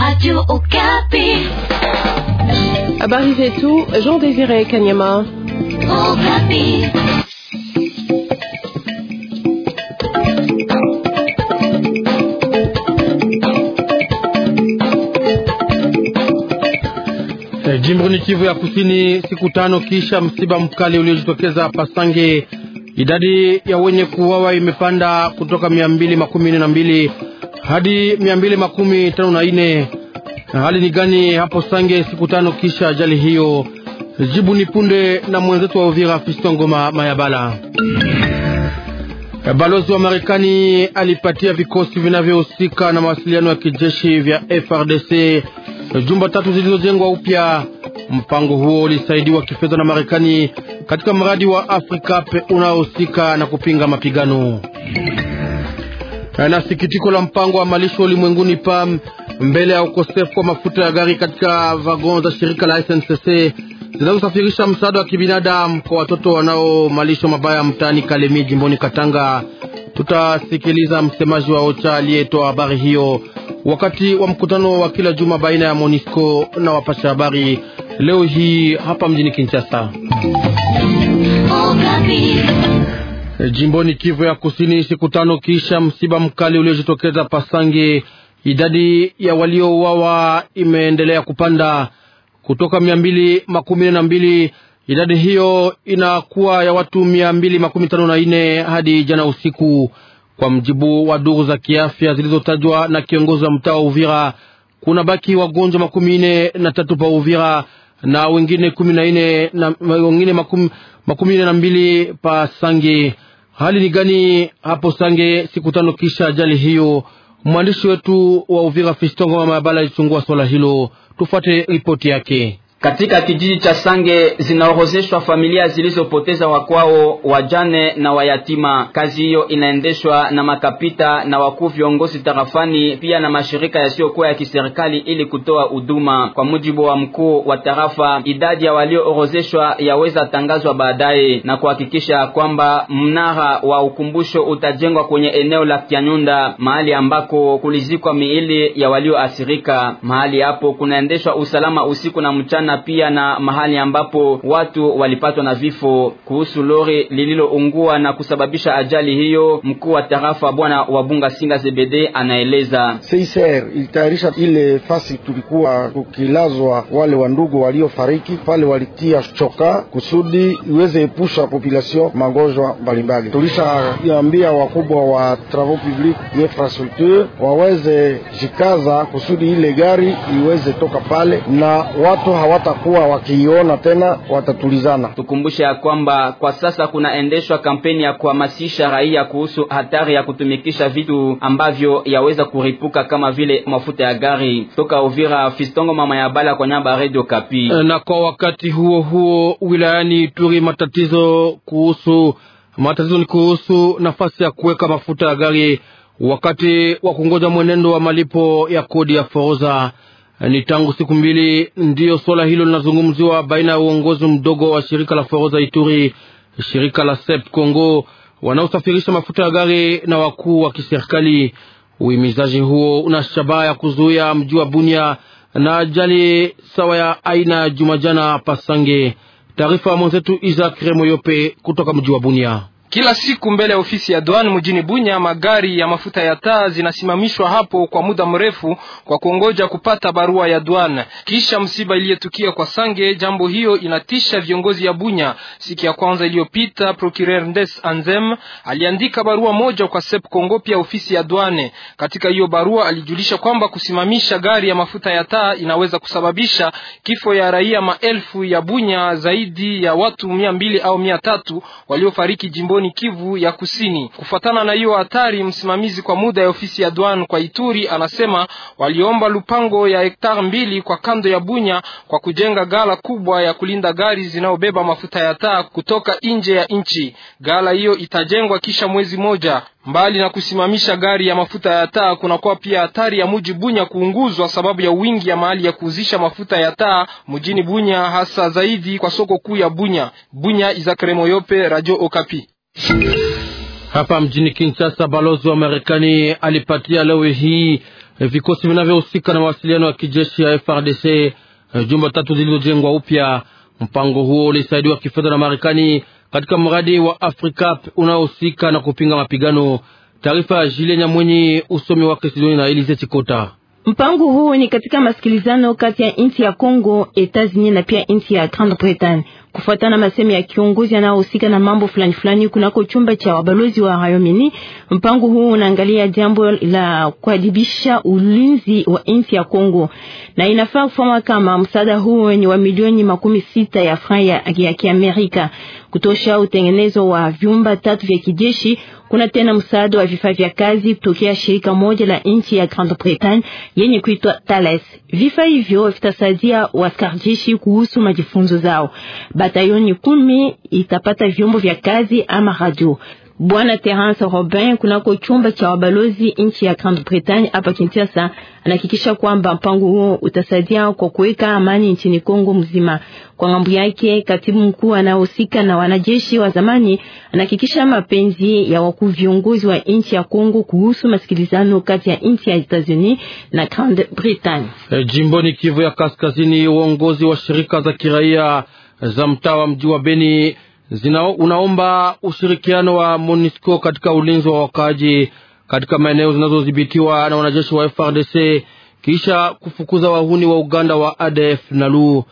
Radio Okapi. Habari zetu, Jean Désiré Kanyama. Okapi. E, Jimboni Kivu ya Kusini, siku tano kisha msiba mkali uliojitokeza Pasange, idadi ya wenye kuwawa imepanda kutoka mia mbili makumi na mbili hadi mia mbili makumi tano na nne. Hali ni gani hapo Sange siku tano kisha ajali hiyo? Jibu ni punde na mwenzetu wa Uvira Fiston Ngoma Mayabala. Balozi wa Marekani alipatia vikosi vinavyohusika na mawasiliano ya kijeshi vya FRDC jumba tatu zilizojengwa upya. Mpango huo ulisaidiwa kifedha na Marekani katika mradi wa Afrika unaohusika na kupinga mapigano na sikitiko la mpango wa malisho ulimwenguni PAM mbele ya ukosefu wa mafuta ya gari katika vagon za shirika la SNCC zinazosafirisha msaada wa kibinadamu kwa watoto wanao malisho mabaya mtaani Kalemi jimboni Katanga. Tutasikiliza msemaji wa OCHA aliyetoa habari hiyo wakati wa mkutano wa kila juma baina ya monisco na wapasha habari leo hii hapa mjini Kinshasa. Oh, Eh, jimboni Kivu ya Kusini, siku tano kisha msiba mkali uliojitokeza Pasangi, idadi ya waliouawa imeendelea kupanda kutoka mia mbili makumi na mbili. Idadi hiyo inakuwa ya watu mia mbili makumi tano na nne hadi jana usiku, kwa mjibu wa duru za kiafya zilizotajwa na kiongozi wa mtaa wa Uvira. Kuna baki wagonjwa makumi nne na tatu pa Uvira na wengine kumi na nne na wengine makumi nne na mbili pa Sangi. Hali ni gani hapo Sange siku tano kisha ajali hiyo? Mwandishi wetu wa Uvira Fistongo Mama Mabala alichungua swala hilo, tufuate ripoti yake. Katika kijiji cha Sange zinaorozeshwa familia zilizopoteza wakwao, wajane na wayatima. Kazi hiyo inaendeshwa na makapita na wakuu viongozi tarafani, pia na mashirika yasiyokuwa ya kiserikali ili kutoa huduma. Kwa mujibu wa mkuu wa tarafa, idadi ya walioorozeshwa yaweza tangazwa baadaye na kuhakikisha kwamba mnara wa ukumbusho utajengwa kwenye eneo la Kyanyunda, mahali ambako kulizikwa miili ya walioathirika. Mahali hapo kunaendeshwa usalama usiku na mchana na pia na mahali ambapo watu walipatwa na vifo kuhusu lori lililoungua na kusababisha ajali hiyo. Mkuu wa tarafa bwana Wabunga Singa Zebede anaeleza CICR ilitayarisha ile fasi tulikuwa tukilazwa wale wandugu waliofariki pale, walitia choka kusudi iweze epusha population magonjwa mbalimbali. Tulishaambia wakubwa wa travaux publics infrastructure waweze jikaza kusudi ile gari iweze toka pale na watu hawa hawatakuwa wakiiona tena, watatulizana. Tukumbushe ya kwamba kwa sasa kunaendeshwa kampeni ya kuhamasisha raia kuhusu hatari ya kutumikisha vitu ambavyo yaweza kuripuka kama vile mafuta ya gari. Toka Uvira, Fistongo mama ya Bala kwa nyamba Radio Kapi. Eh, na kwa wakati huo huo wilayani Ituri matatizo kuhusu matatizo ni kuhusu nafasi ya kuweka mafuta ya gari wakati wa kungoja mwenendo wa malipo ya kodi ya forodha. Ni tangu siku mbili ndiyo swala hilo linazungumziwa baina ya uongozi mdogo wa shirika la forodha Ituri, shirika la SEP Congo wanaosafirisha mafuta ya gari na wakuu wa kiserikali. Uhimizaji huo una shabaha ya kuzuia mji wa Bunia na ajali sawa ya aina ya jumajana Pasange. Taarifa ya mwenzetu Isak Remoyope kutoka mji wa Bunia. Kila siku mbele ya ofisi ya douane mjini Bunya, magari ya mafuta ya taa zinasimamishwa hapo kwa muda mrefu kwa kuongoja kupata barua ya douane. Kisha msiba iliyotukia kwa Sange, jambo hiyo inatisha viongozi ya Bunya. Siku ya kwanza iliyopita, Procureur Ndes Anzem aliandika barua moja kwa Sep Kongo, pia ofisi ya douane. Katika hiyo barua alijulisha kwamba kusimamisha gari ya mafuta ya taa inaweza kusababisha kifo ya raia maelfu ya Bunya, zaidi ya watu mia mbili au mia tatu waliofariki jimbo jimboni Kivu ya Kusini. Kufuatana na hiyo hatari, msimamizi kwa muda ya ofisi ya duan kwa Ituri anasema waliomba lupango ya hektari mbili kwa kando ya Bunya kwa kujenga gala kubwa ya kulinda gari zinayobeba mafuta ya taa kutoka nje ya nchi. Gala hiyo itajengwa kisha mwezi moja. Mbali na kusimamisha gari ya mafuta ya taa, kunakuwa pia hatari ya muji Bunya kuunguzwa sababu ya wingi ya mahali ya kuuzisha mafuta ya taa mjini Bunya, hasa zaidi kwa soko kuu ya Bunya. Bunya, Izakremo Yope, Radio Okapi. Hapa mjini Kinshasa, balozi wa Marekani alipatia leo hii eh, vikosi vinavyohusika na mawasiliano ya kijeshi ya FRDC eh, jumba tatu zilizojengwa upya. Mpango huo ulisaidiwa kifedha na Marekani katika mradi wa Afrika unaohusika na kupinga mapigano. Taarifa ya Jile Nyamwenyi, usomi wake Sidoni na Elize Chikota. Mpango huo ni katika masikilizano kati ya nchi ya Congo, Etazini na pia nchi ya Grande Bretagne. Kufuatana na masemi ya kiongozi anaohusika na mambo fulani fulani kunako chumba cha wabalozi wa Rayomini, mpango huu unaangalia jambo la kuadibisha ulinzi wa nchi ya Kongo, na inafaa kufahamu kama msaada huu wenye wa milioni makumi sita ya franc ya Kiamerika kutosha utengenezo wa vyumba tatu vya kijeshi kuna tena msaada wa vifaa vya kazi kutokea shirika moja la nchi ya Grand Bretagne yenye kuitwa Thales. Vifaa hivyo vitasaidia waskarjishi kuhusu majifunzo zao. Batayoni kumi itapata vyombo vya kazi ama radio. Bwana Terence Robin kunako chumba cha wabalozi nchi ya Grand Britain hapa Kinshasa anahakikisha kwamba mpango huo utasaidia kwa kuweka amani nchini Kongo mzima. Kwa ngambo yake, katibu mkuu anahusika na wanajeshi wa zamani anahakikisha mapenzi ya wakuu viongozi wa nchi ya Kongo kuhusu masikilizano kati ya nchi ya Etats-Unis na Grand Britain. E, eh, jimboni Kivu ya Kaskazini, uongozi wa shirika za kiraia za mtaa wa mji wa Beni zina unaomba ushirikiano wa MONUSCO katika ulinzi wa wakaaji katika maeneo zinazodhibitiwa na wanajeshi wa FRDC kisha kufukuza wahuni wa Uganda wa ADF lu.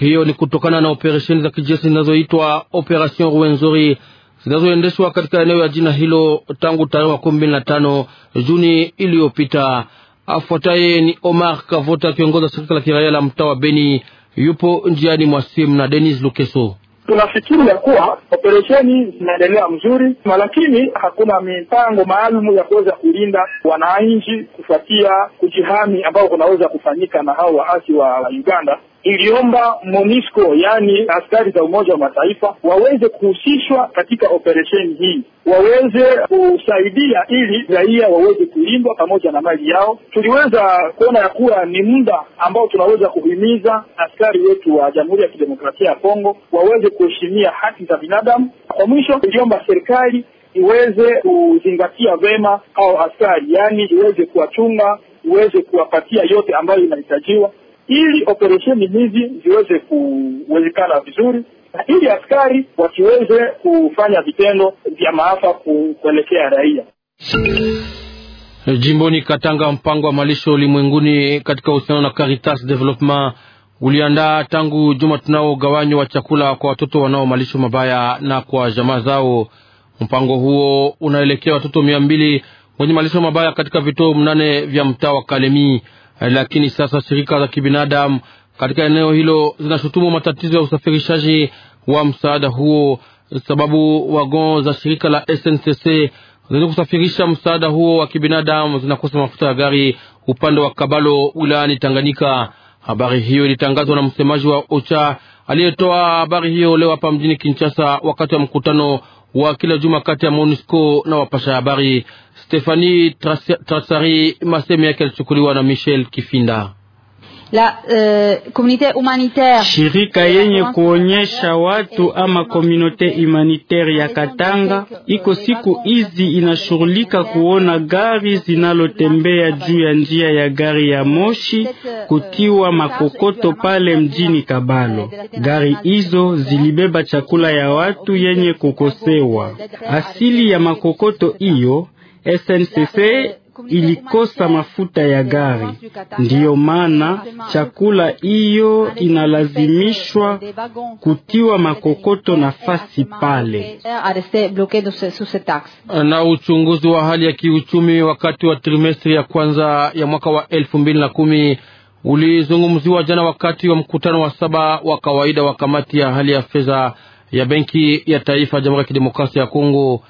Hiyo ni kutokana na operesheni za kijeshi zinazoitwa Operation Ruwenzori zinazoendeshwa katika eneo ya jina hilo tangu tarehe wa kumi na tano Juni iliyopita. Afuataye ni Omar Kavota, akiongoza shirika la kiraia la mtaa wa Beni, yupo njiani mwa simu na Denis Lukeso tunafikiri ya kuwa operesheni zinaendelea mzuri, lakini hakuna mipango maalum ya kuweza kulinda wananchi kufuatia kujihami ambao kunaweza kufanyika na hao waasi wa Uganda iliomba MONUSCO yaani askari za Umoja wa Mataifa waweze kuhusishwa katika operesheni hii, waweze kusaidia ili raia waweze kulindwa pamoja na mali yao. Tuliweza kuona ya kuwa ni muda ambao tunaweza kuhimiza askari wetu wa Jamhuri ya Kidemokrasia ya Kongo waweze kuheshimia haki za binadamu. Kwa mwisho, iliomba serikali iweze kuzingatia vema au askari, yaani iweze kuwachunga, iweze kuwapatia yote ambayo inahitajiwa ili operesheni hizi ziweze kuwezekana vizuri na ili askari wasiweze kufanya vitendo vya maafa kuelekea raia. Jimboni Katanga, mpango wa malisho ulimwenguni katika uhusiano na Caritas Development uliandaa tangu juma tunao gawanyo wa chakula kwa watoto wanao malisho mabaya na kwa jamaa zao. Mpango huo unaelekea watoto mia mbili wenye malisho mabaya katika vituo mnane vya mtaa wa Kalemi. Eh, lakini sasa shirika za kibinadamu katika eneo hilo zinashutumu matatizo ya usafirishaji wa msaada huo, sababu wagon za shirika la SNCC zenye kusafirisha msaada huo wa kibinadamu zinakosa mafuta ya gari upande wa Kabalo wilayani Tanganyika. Habari hiyo ilitangazwa na msemaji wa OCHA aliyetoa habari hiyo leo hapa mjini Kinshasa wakati wa mkutano wa kila juma kati ya MONUSCO na wapasha habari. Stefani Trasari, masemo yake alichukuliwa na Michel Kifinda. La, uh, komunite humanitaire. Shirika yenye kuonyesha euh, watu ama komunote humanitaire ya Katanga iko siku hizi inashughulika kuona gari zinalotembea juu ya njia ya gari ya moshi euh, kutiwa makokoto pale mjini Kabalo. Euh, gari hizo zilibeba chakula ya watu yenye kukosewa. Asili ya makokoto hiyo SNCC eh, ilikosa mafuta ya gari, ndiyo eh, maana chakula hiyo inalazimishwa kutiwa makokoto eh, nafasi pale. Na uchunguzi wa hali ya kiuchumi wakati wa trimestri ya kwanza ya mwaka wa elfu mbili na kumi ulizungumziwa jana wakati wa mkutano wa saba wa kawaida wa kamati ya hali ya fedha ya benki ya taifa ya Jamhuri ya Kidemokrasia ya Kongo.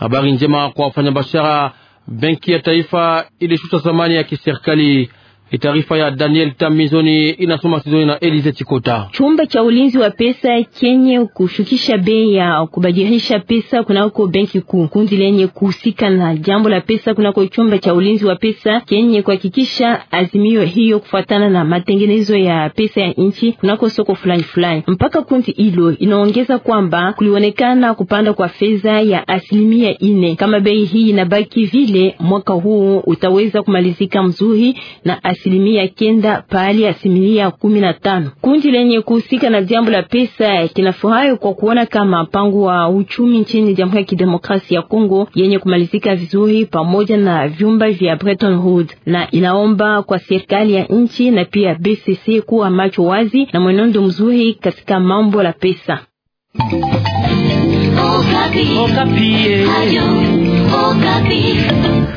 Habari njema kwa wafanyabiashara, benki ya taifa ilishusha thamani ya kiserikali E Taarifa ya Daniel Tamizoni inasoma e Sizoni na Elize Chikota. Chumba cha ulinzi wa pesa kenye kushukisha bei ya kubadilisha pesa kunako benki kuu, kundi lenye kuhusika na jambo la pesa kunako chumba cha ulinzi wa pesa kenye kuhakikisha azimio hiyo kufuatana na matengenezo ya pesa ya nchi kunako soko fulani fulani. Mpaka kundi hilo inaongeza kwamba kulionekana kupanda kwa fedha ya asilimia ine. Kama bei hii inabaki vile, mwaka huu utaweza kumalizika mzuri na asilimia kenda pahali asilimia kumi na tano. Kundi lenye kuhusika na jambo la pesa kinafurahi kwa kuona kama mpango wa uchumi nchini Jamhuri ya Kidemokrasia ya Kongo yenye kumalizika vizuri pamoja na vyumba vya Bretton Woods, na inaomba kwa serikali ya nchi na pia BCC kuwa macho wazi na mwenendo mzuri katika mambo la pesa. Okapi. Okapi. Okapi.